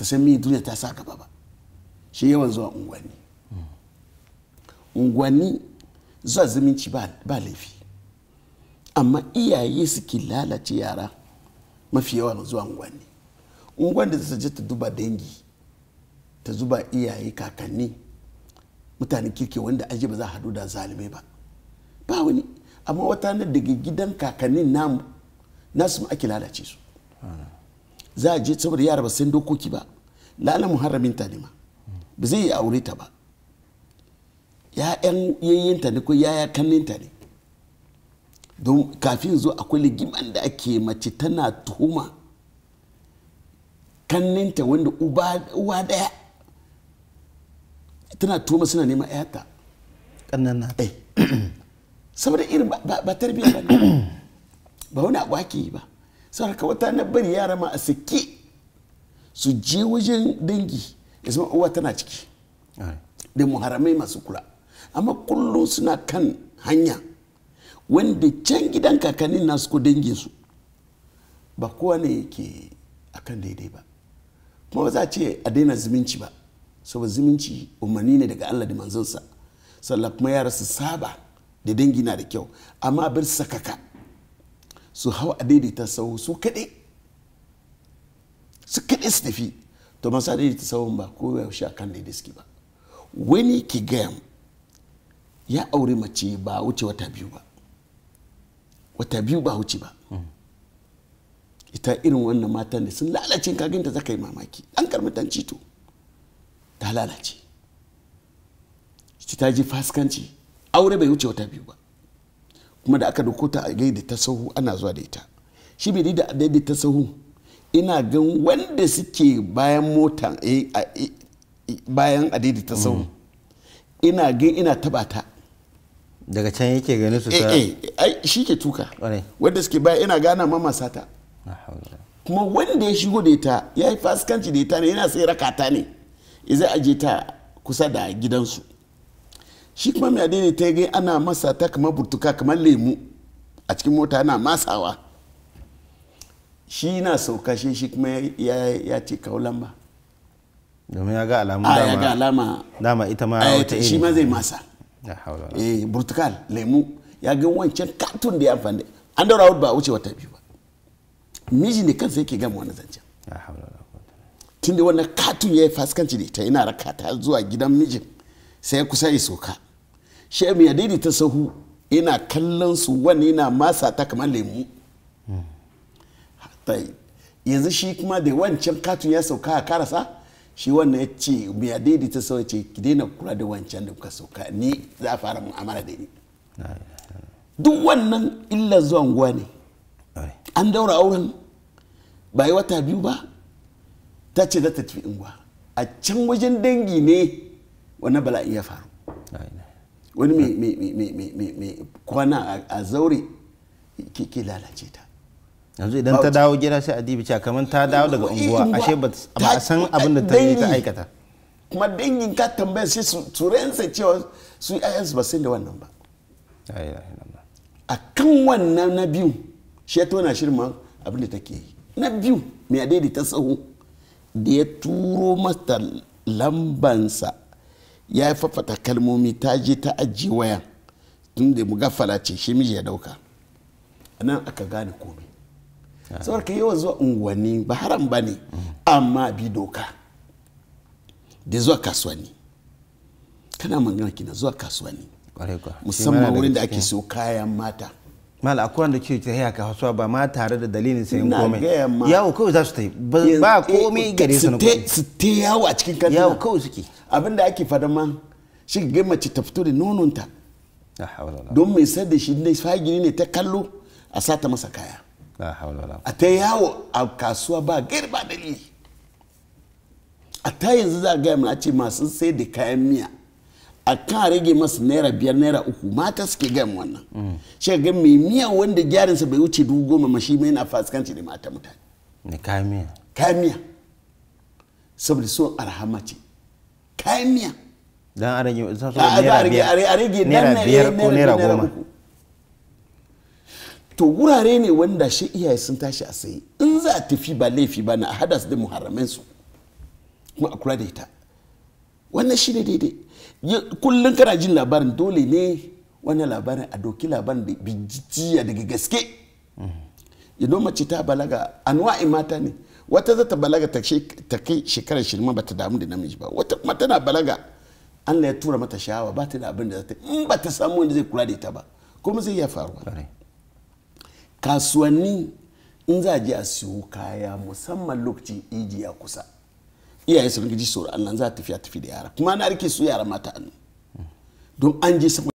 ta san mi duniya ta sa gaba ba shi yawan zuwa unguwanni unguwanni zuwa zumunci ba laifi amma iyaye suke lalace yara mafi yawa zuwa unguwanni unguwan da ta je ta duba dangi ta zuba iyaye kakanni mutane kirki wanda aji ba za a hadu da zalimai ba ba wani amma wata daga gidan kakannin namu nasu ake lalace su ah. za a je saboda yara ba san dokoki ba lala muharramin ta ne ma ba zai yi aure ta ba ya'yan ta ne ko yaya kanninta ne don kafin zo akwai ligiman da ake mace tana tuhuma kanninta wanda uba daya tana tuhuma suna nema yata kannana eh saboda irin ba tarbiyya ba ba wani abu ake yi ba sarka wata na bari yara ma a sake su je wajen dangi ya zama uwa tana ciki da muharamai masu kula amma kullum suna kan hanya wanda can gidan kakannin nasu ko dangin su ba kowa ne yake kan daidai ba kuma ba za a ce a daina zumunci ba saboda zumunci umarni ne daga Allah da manzonsa sallah kuma yara su saba da dangi na da kyau amma bar sakaka su hau a daidaita sahu su kaɗai su kaɗai su tafi to masu daidaita sahun ba ko yaushe a kan daidai suke ba wani ki gaya ya aure mace ba wuce wata biyu ba wata biyu ba wuce ba ita irin wannan matan da sun lalace kaginta za ka yi mamaki an karmatan cito ta lalace ta ji faskanci aure bai wuce wata biyu ba kuma da aka dauko ta a gaida ta ana zuwa da ita shi bai da daidai ta ina gan wanda suke bayan mota eh, eh, bayan adidi ta ina gan ina taba ta daga can yake gani su sa eh, eh shi ke tuka wanda suke baya ina gana ma ta kuma wanda ya shigo da ita ya yi fasikanci da ita ne yana sai rakata ne izai aje ta kusa da gidansu shi kuma mai adini ta gai ana masa ta kamar burtuka kamar lemu a cikin mota ana masawa shi na sauka shi shi kuma ya ce kawo lamba domin ya ga alamu ah, dama ya ga alama dama ita ma eh, wata shi ma zai masa eh burtukal lemu ya ga wancan katun da ya amfani an daura ba wuce wata biyu ba miji ne kansa yake gama wani zancen tunda wannan katun ya yi fasikanci da ita yana rakata zuwa gidan mijin sai kusa isoka shi mai adini ta sahu ina kallon su wani yana masa ta kamar lemu yanzu shi kuma da wancan katun ya sauka a karasa shi wannan ya ce mai adini ta sahu ce ki daina kula da wancan da kuka sauka ni za a fara mu'amala da ni duk wannan illar zuwa unguwa ne an daura auren bai wata biyu ba ta ce za ta tafi unguwa a can wajen dangi ne wannan bala'in ya faru wani mai kwana a zaure ke lalace ta yanzu idan ta dawo gida sai a dibi kamar ta dawo daga eh, unguwa ashe ba a san abin da ta yi ta aikata kuma dangin ka tambaya sai su turensa cewa su yi ayyansu ba sai da wannan ba a kan wannan na biyu shi na ma abin da take yi na biyu mai adaidaita tsawo. da ya turo mata lambansa ya fafata kalmomi ta je ta ajiye wayan tun da mu gafala ce shi miji ya dauka nan aka gane komai saboda ka yawan zuwa unguwanni ba haram ba ne amma bi doka da zuwa kasuwanni kana magana kina zuwa kasuwanni musamman wurin da ake so kayan mata mala akwai wanda ke tafiya ka hasuwa ba ma tare da dalilin sayan komai yawo kawai za su ta yi ba eh, komai gare su na su te yawo a cikin kantina yawo kawai suke abin da ake fada ma shi ga mace ta fito da nononta don mai sayar da shi ne fagini ne ta kallo a sata masa kaya a ta yawo a kasuwa ba gari ba dalili a ta yanzu za a gaya mana a ce masu sai da kayan miya a kan rage masa naira biyar naira uku mata suke gan wannan shi ga mai miya wanda gyarinsa bai wuce dubu goma ma shi mai na fasikanci da mata mutane ne kamiya kamiya saboda so arhama ce kamiya dan a rage a rage naira biyar ko naira goma to wurare ne wanda shi iyaye sun tashi a sayi in za a tafi ba laifi ba na a hada su da muharramansu kuma a kula da ita wannan shi ne daidai kullum kana jin labarin dole ne wani labarin a doki labarin da bijiya daga gaske idan mace ta balaga anwa'in mata ne wata za balaga ta kai shekarar shirma ba ta damu da namiji ba wata kuma tana balaga allah ya tura mata shawa ba ta da abin da za ta in ba ta samu wanda zai kula da ita ba kuma zai iya faruwa kasuwanni in za a je a siyo kaya musamman lokacin ijiya kusa iyaye su rike ji tsoron Allah za ta tafiya tafi da yara kuma na rike su yara mata annu don an je sama